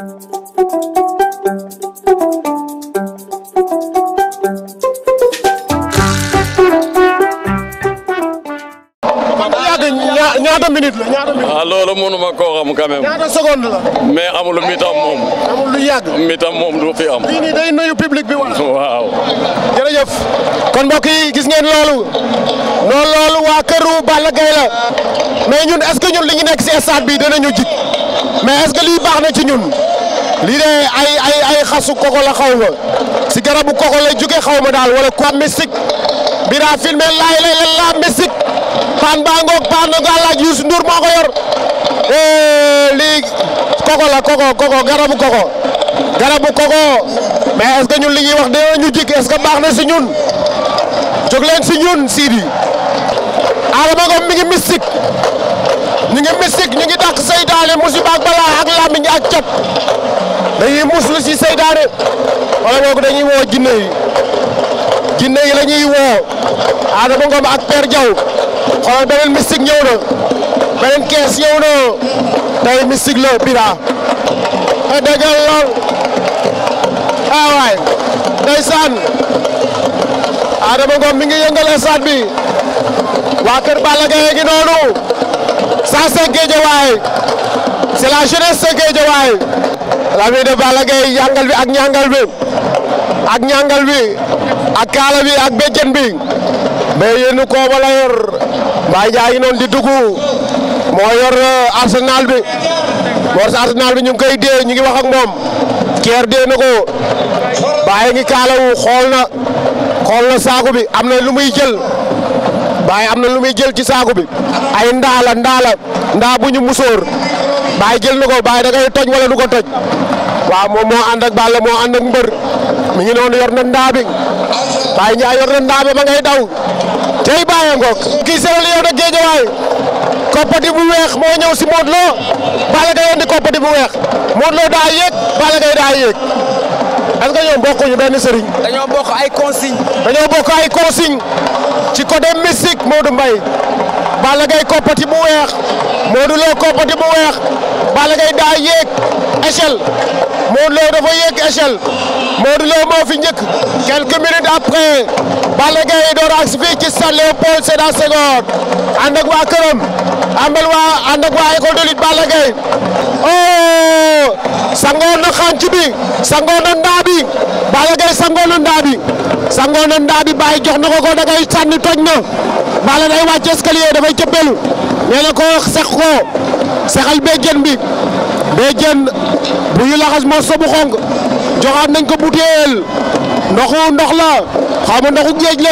ñaata minute la ñaata minute. a ah, loolu mënuma koo xam quand mais amul mi tam moom. amul lu yàgg. mi tam moom du fi am. lii nii day nuyu public bi wala. waaw. jërëjëf. kon mbokk gis ngeen loolu. noonu loolu waa këru Balla Gaye la. mais ñun est-ce ñun li ñu nekk si stade bi danañu jig. mais est-ce que lii baax na ci ñun lii de ay ay ay xasu koko la xaw si garabu koko la jóge xaw ma daal wala quoi mystique bi daa filmé laay lay lan laa mystique paan baa ngoog paan nga laaj Youssou Ndour moo ko yor eh, lii koko la koko koko garabu koko garabu koko mais est-ce ñun li ñuy wax dina ñu jik est-ce baax na si ñun jóg leen si ñun Sidi Adama Ngom mi ngi ñu ngi mystique ñu ngi dàq seytaane musiba ak balaa ak làmmiñ ak cat dañuy muslu ci seytaane wala boog dañuy woo jinne yi jinne woo Adama Ngom ak Père Diaw xoolal beneen mystique ñëw na beneen kees ñëw na tey mystique la bira a dagal lool ah waay Adama Ngom mi ngi yëngal stade bi waa kër Balla Gaye gi noonu ça c'est Guédiawaye c'est la jeunesse de Guédiawaye la vie de Balla bi ak ñangal bi ak ñangal bi ak kaala bi ak béjjën bi mais yéen ko yor Baye Ndiaye noonu di dugg moo yor euh, arsenal bi moo sa arsenal bi ñu ngi dee ñu ngi wax moom keer dee na ko Baye ngi kaalawu xool na bi am na lu muy baay am na lu muy jël ci saaku bi ay ndaala ndaala ndaa bu ñu musóor baay jël na ko baay da toj wala du ko toj waaw moom moo ànd ak Balla moo ànd ak mbër mi ngi noonu yor na ndaa bi baay ñaa yor na ndaa bi ma ngay daw tey bàyyi ngoog kii Sëriñ Lion de Guédiawaye koppati bu weex moo ñëw si Modou Lo Balla Gaye indi koppati bu weex Modou daa yéeg Balla Gaye daa yéeg est-ce que ñoom bokkuñu benn sëriñ. dañoo bokk ay ci côté mystique Modou Mbaye Balla Gaye koppati bu weex Modou Lo koppati bu weex Balla Gaye daa yéeg échelle Modou Lo dafa yéeg échelle Modou Lo moo fi njëkk quelques minutes après Balla Gaye door fii ci stade Léopold Sédar Senghor ànd ak waa këram waa ànd ak waa école de lutte Balla sangoon na xànc bi sangoon na ndaa bi Balla jox na ko ko dangay sànni na Balla day wàcc escalier dafay cëppelu nee na ko seq ko sexal bi béjjën bu ñu laxas moo sobu xong nañ ko butéel ndoxu ndox la xaw ma ndoxu géej la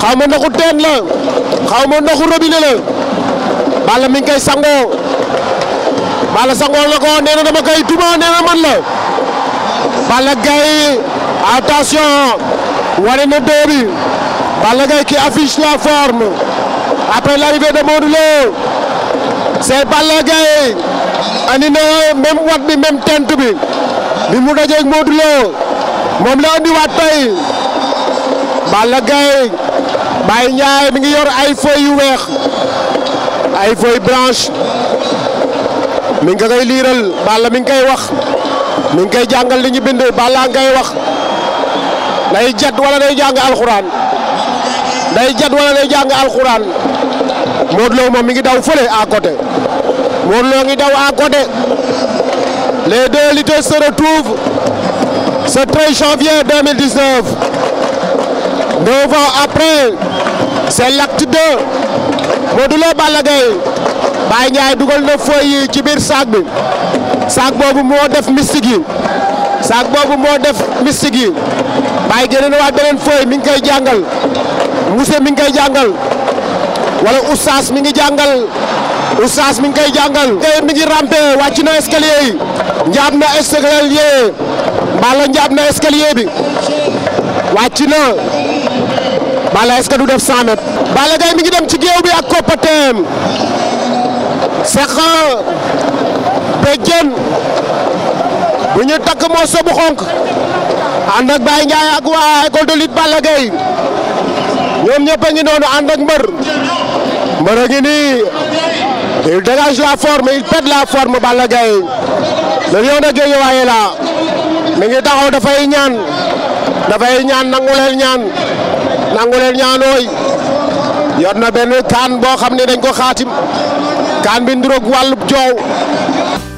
xaw ma ndoxu teen la xaw ma ndoxu robinet la Balla mi ngi sangoo Balla sangoon na ko nee na dama koy tuma nee man la Balla Gaye attention wane na doo bi Balla Gaye la forme après l'arrivée de Modou Lo c'est Balla Gaye andi wat bi même tent bi bi mu dajeeg Modou Lo moom la andi waat tey Balla Gaye Baye Ndiaye mi ngi yor ay yu weex ay feuilles mi ngi koy liiral Balla mi ngi koy wax mi ngi koy jàngal li ñu bind Balla ngay wax day jat wala day jàng alxuraan day jat wala day jàng alxuraan Modou Lo moom mi ngi daw fële à côté Modou Lo ngi daw à côté les deux lutteurs se retrouvent ce 13 janvier 2019 deux après c'est l'acte 2 Modou Lo Balla Gaye Baye Ndiaye dugal na feuille yi ci biir saak bi saak boobu moo def mystique yi saak boobu moo def mystique yi Baye génne na waat beneen feuille mi ngi koy jàngal monsieur mi ngi jàngal wala oustaz mi ngi jàngal oustaz mi ngi koy jàngal. mi ngi rampe wàcc na escalier yi njaab na escalier mbala njaab na escalier bi wàcc na mbala est-ce que du def 100 mètres. Balla Gaye mi ngi bi ak koppateem. seq béjjén bu ñu takk morso bu xonk ànd ak Baye Ndiaye ak waa école de lutte Balla ñoom ñëpp ngi noonu ànd ak mbër mbër a ngi nii il dégage la forme il pète la forme Balla Gaye le lion la mi ngi taxaw dafay ñaan dafay ñaan nangu ñaan nangu leen ñaanooy yor na benn taan boo xam ne dañ ko xaatim. kaan bi nduroog wàllub joow